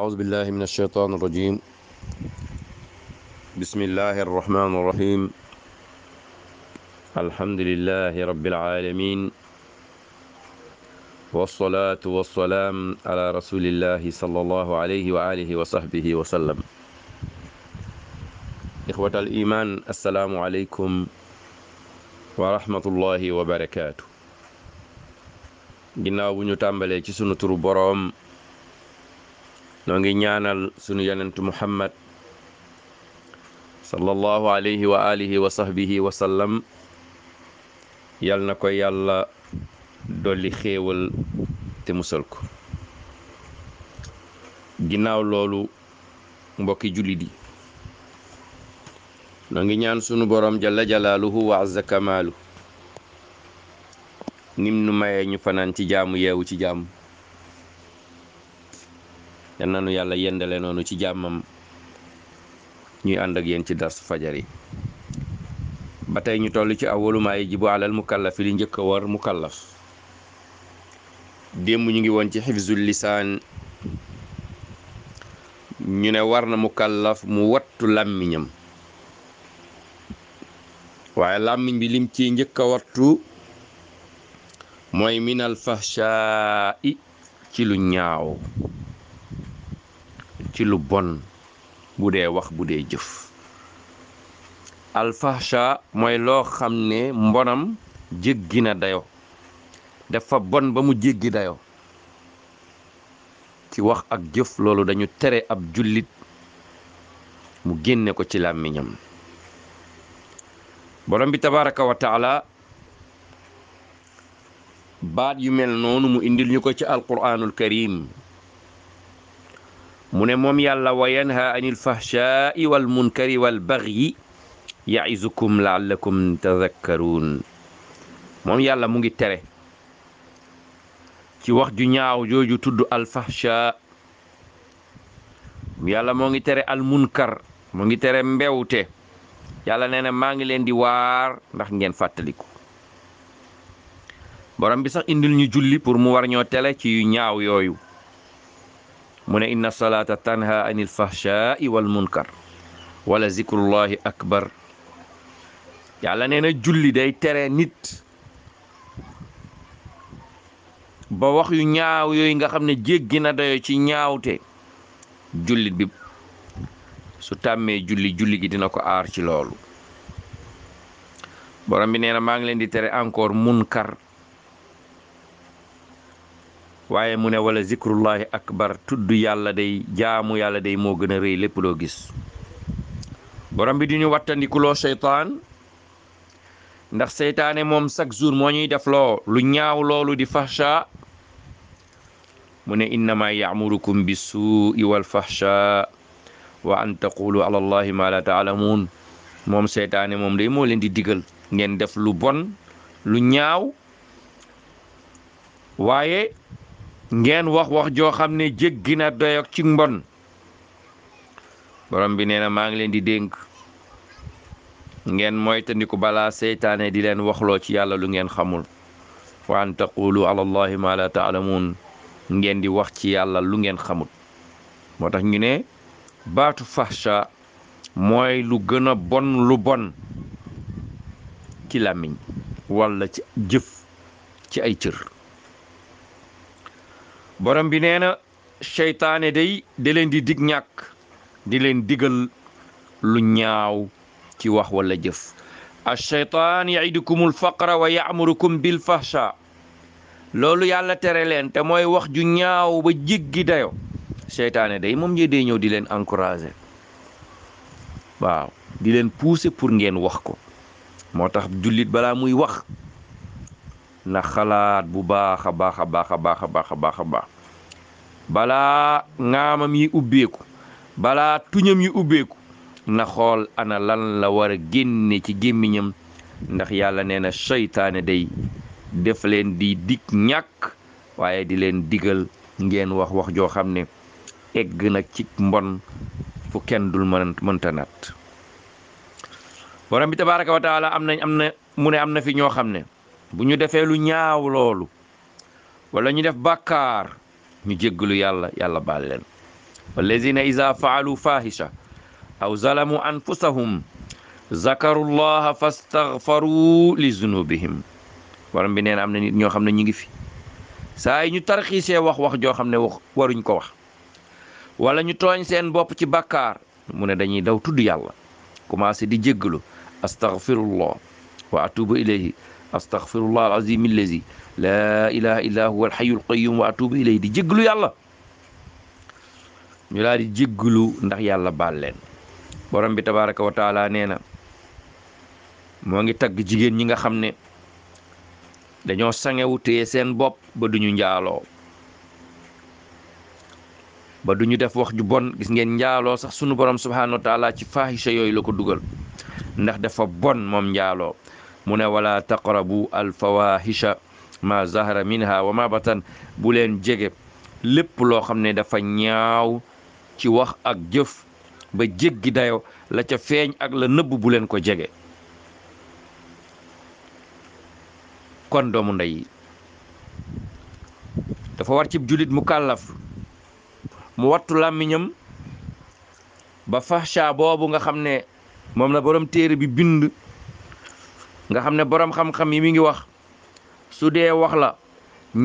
أعوذ بالله من الشيطان الرجيم بسم الله الرحمن الرحيم الحمد لله رب العالمين والصلاة والسلام على رسول الله صلى الله عليه وآله وصحبه وسلم إخوة الإيمان السلام عليكم ورحمة الله وبركاته ginnaaw bu ñu tàmbalee ci sunu turu boroom noo ngi ñaanal sunu yonentu muhammad sallallahu alayhi wa alihi wa sahbihi wa sallam yal na ko yàlla dolli xéewal te musal ko ginnaaw loolu mbokki jullit yi noo ngi ñaan sunu borom jalla jalaaluhu wa azza kamaalu nim nu mayee ñu fanaan ci jaamu yeewu ci jaamu yal nanu yàlla yendale noonu ci jàmmam ñuy ànd ak yéen ci darsu fajar yi ba tey ñu toll ci awwalu maa yajibu alal mukallafi li njëkk a war mukallaf démb ñu ngi woon ci xifzul lisaan ñu ne war na mukallaf mu wattu làmmiñam waaye làmmiñ bi lim ci njëkk a wattu mooy minal fahshaa'i ci lu ñaaw ci lu bon bu dee wax bu dee jëf alfahsha mooy loo xam ne mbonam jéggi na dayo dafa bon ba mu jéggi dayo ci wax ak jëf loolu dañu tere ab jullit mu génne ko ci làmmiñam borom bi tabaraka wa baat yu mel noonu mu indil ñu ko ci alquraanul karim mu ne moom yàlla wa yanha anil fahshaa'i wal munkari wal bagyi ya'izukum la'allakum tadhakkaruun moom yàlla mu ngi tere ci wax ju ñaaw jooju tudd al fahshaa yàlla moo ngi tere al munkar mu ngi tere mbewte yàlla nee na maa ngi leen di waar ndax ngeen fàttaliku borom bi sax indil ñu julli pour mu war ñoo tele ci yu ñaaw yooyu mu ne inna salaata tanha anil fahshaai wal munkar wala zikrullahi akbar yàlla nee na julli day tere nit ba wax yu ñaaw yooyu nga xam ne jéggi na dayo ci ñaawte jullit bi su tàmmee julli julli gi dina ko aar ci loolu borom bi nee na maa ngi leen di tere encore munkar waaye mu ne wala zikrullahi akbar tudd yàlla day jaamu yàlla day moo gën a rëy lépp loo gis borom bi du ñu wattandikuloo seytaan ndax seytaane moom chaque jour moo ñuy def loo lu ñaaw loolu di fahsha mu ne innama yaamurukum bi suui wal fahsha wa an taqulu ala ma la taalamuun moom seytaane moom day moo leen di diggal ngeen def lu bon lu ñaaw waaye ngeen wax wax joo xam ne jéggi na doyog ci mbon borom bi nee na maa ngi leen di dénk ngeen moytandiku balaa seytaane di leen waxloo ci yàlla lu ngeen xamul wa an taqulu ala allahi ma ngeen di wax ci yàlla lu ngeen xamul moo tax ñu ne baatu fahsha mooy lu gën bon lu bon ci làmmiñ walla ci jëf ci ay cër borom bi nee na seytaane day da leen di digg ñàkk di leen diggal lu ñaaw ci wax walla jëf ash di yaidukum al-faqra wa ya'murukum bil fahsha loolu yàlla tere leen te mooy wax ju ñaaw ba jéggi dayo seytaane day moom ñee dee ñëw di leen encourager waaw di leen puuse pour ngeen wax ko moo tax jullit balaa muy wax ndax xalaat bu baax a baax a baax a baax a baax a baax a baax balaa ŋaamam yi ubbeeku balaa tuñam yi ubbeeku na xool ana lan la war a génne ci gémmiñam ndax yàlla nee na seytaane day def leen di dig ñàkk waaye di leen digal ngeen wax wax joo xam ne egg na ci mbon fu kenn dul mën mënta naat borom bi tabaaraka wa am nañ na mu ne am na fi ñoo xam ne bu ñu defee lu ñaaw loolu wala ñu def bàkkaar ñu jéggalu yàlla yàlla baal leen walladina ida faalu fahisha aw zalamu anfusahum zakaru llaha fastagfaru li zunubihim borom bi nee na am na nit ñoo xam ne ñu ngi fi saa yi ñu tarxiisee wax wax joo xam ne wax waruñ ko wax wala ñu tooñ seen bopp ci bàkkaar mu ne dañuy daw tudd yàlla commencé di jéggalu astagfirullah wa atubu ilayhi astaghfirullah al azim allazi laa ilaha huwa al hayyul qayyum wa atubu di jégglu yàlla ñu laa di jégglu ndax yàlla baal leen borom bi tabaraka wa taala nee na moo ngi tagg jigéen ñi nga xam ne dañoo sangewu téye seen bopp ba duñu njaaloo ba duñu def wax ju bon gis ngeen njaaloo sax sunu borom subhanahu wa ci faahisha yooyu la ko dugal ndax dafa bon moom njaaloo mu ne wala taqrabu alfawahisha ma zahara minha wa bu leen jege lépp loo xam ne dafa ñaaw ci wax ak jëf ba jéggi dayo la ca feeñ ak la nëbb bu leen ko jege kon doomu ndey yi dafa war cib julit mu kàllaf mu wattu làmmiñam ba fahsha boobu nga xam ne moom na boroom téere bi bind nga xam ne boroom xam-xam yi mi ngi wax su dee wax la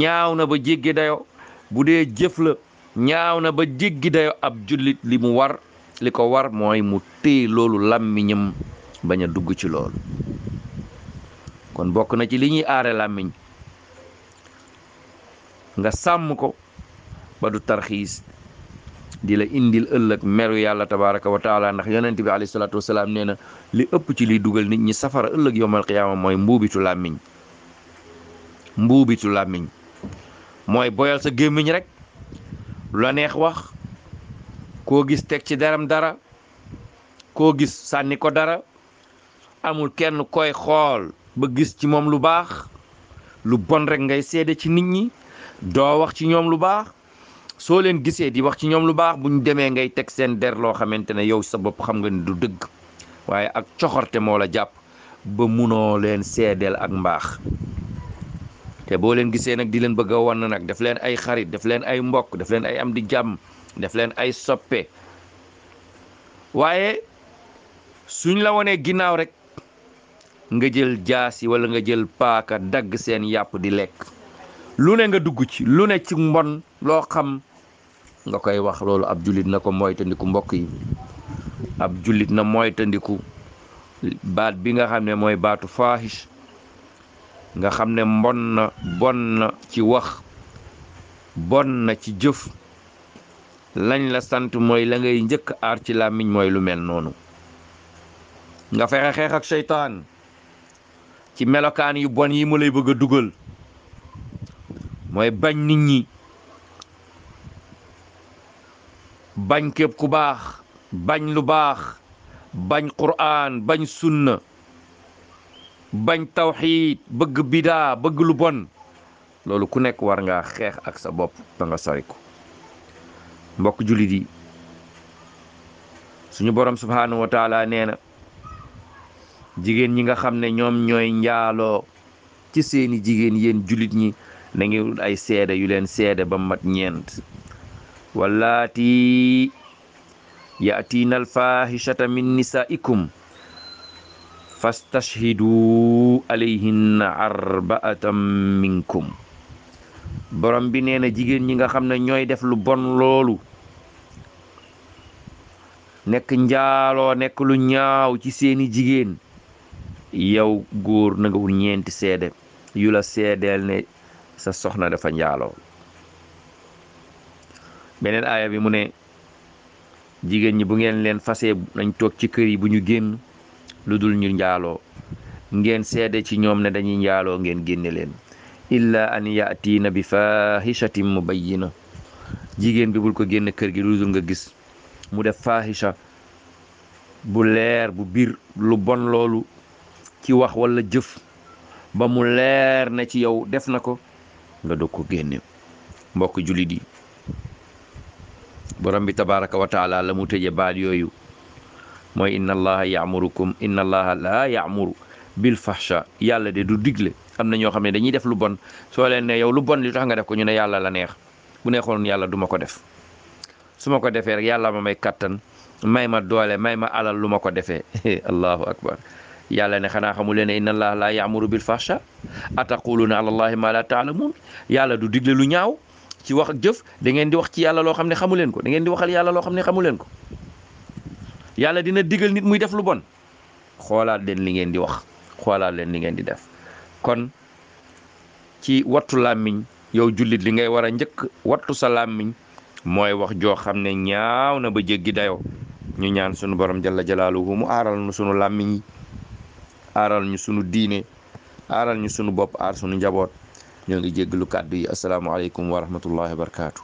ñaaw na ba jéggi dayo bu dee jëf la ñaaw na ba jéggi dayo ab jullit li mu war li ko war mooy mu téye loolu làmmiñam bañ a dugg ci loolu kon bokk na ci li ñuy aare làmmiñ nga sàmm ko ba du tarxiis di la indil ëllëg meru yàlla tabaraka wa taalaa ndax yonent bi alayhi salaatu wasalaam nee na li ëpp ci liy dugal nit ñi safara ëllëg yowmal qiyaama mooy mbuubitu làmmiñ mbuubitu làmmiñ mooy boyal sa gémmiñ rek la neex wax koo gis teg ci daram dara koo gis sànni ko dara amul kenn koy xool ba gis ci moom lu baax lu bon rek ngay seede ci nit ñi doo wax ci ñoom lu baax soo leen gisee di wax ci ñoom lu baax bu ñu demee ngay teg seen der loo xamante ne yow sa bopp xam nga ni du dëgg waaye ak coxorte moo la jàpp ba munoo leen seedeel ak mbaax te boo leen gisee nag di leen bëgg a wan nag daf leen ay xarit daf leen ay mbokk daf leen ay am di jàmm daf leen ay soppe waaye suñ la wonee ginnaaw rek nga jël jaasi walla nga jël paaka dagg seen yàpp di lekk lu ne nga dugg ci lu ne ci mbon loo xam nga koy wax loolu ab jullit na ko moytandiku mbokk yi ab jullit na moytandiku baat bi nga xam ne mooy baatu faaxis nga xam ne mbon na bon na ci wax bon na ci jëf lañ la sant mooy la ngay njëkk aar ci làmmiñ mooy lu mel noonu nga fexe xeex ak seytaan ci melokaan yu bon yi mu lay bëgg dugal mooy bañ nit ñi bañ képp ku baax bañ lu baax bañ quraan bañ sunna bañ tawxiid bëgg bidaa bëgg lu bon loolu ku nekk war ngaa xeex ak sa bopp ba nga sori ko mbokk jullit yi suñu borom subhaanahu wa nee na jigéen ñi nga xam ne ñoom ñooy njaaloo ci seeni jigéen yéen jullit ñi na ay seede yu leen seede ba mat ñeent wallaati yaatiina alfahishata min nisaikum fastashhidu alayhinna arba'atan minkum borom bi nee na jigéen ñi nga xam ne ñooy def lu bon loolu nekk njaaloo nekk lu ñaaw ci seeni jigéen yow góor na nga wut ñeenti seede yu la seedeel ne sa soxna dafa njaaloo beneen aaya bi mu ne jigéen ñi bu ngeen leen fase nañ toog ci kër yi bu ñu génn lu dul ñu njaaloo ngeen seede ci ñoom ne dañuy njaaloo ngeen génne leen illa an yaatiina bi faahishatin mubayyina jigéen bi bul ko génn kër gi lu dul nga gis mu def faahisha bu leer bu biir lu bon loolu ci wax walla jëf ba mu leer na ci yow def na ko nga dog ko génne mbokk jullit yi borom bi tabaraka wa taala la mu tëje baat yooyu mooy inna allaha yaamurukum inna allaha laa yaamuru bil fahsha yàlla de du digle am na ñoo xam ne dañuy def lu bon soo leen ne yow lu bon li tax nga def ko ñu ne yàlla la neex bu neexoon yàlla du ma ko def su ma ko defee rek yàlla ma may kàttan may ma doole may ma alal lu ma ko defee allahu akbar yàlla ne xanaa xamu leen ne inna allaha laa yaamuru bil fahsha ataquluna ala ma la taalamuun yàlla du digl lu ñaaw ci wax ak jëf da ngeen di wax ci yàlla loo xam ne xamu leen ko da ngeen di yàlla xam ne xamu leen ko dina digal nit muy def lu bon xoolaat leen li ngeen di wax xoolaat leen li ngeen di def kon ci wattu làmmiñ yow jullit li ngay war a njëkk wattu sa làmmiñ mooy wax joo xam ne ñaaw na ba jéggi dayo ñu ñaan sunu borom jalla jalaaluhu mu aaral nu sunu làmmiñ yi aaral ñu sunu diine aaral ñu sunu bopp aar sunu njaboot ñoo ngi jéggalu kàddu yi asalaamaaleykum wa rahmatullahi wa barakaatu.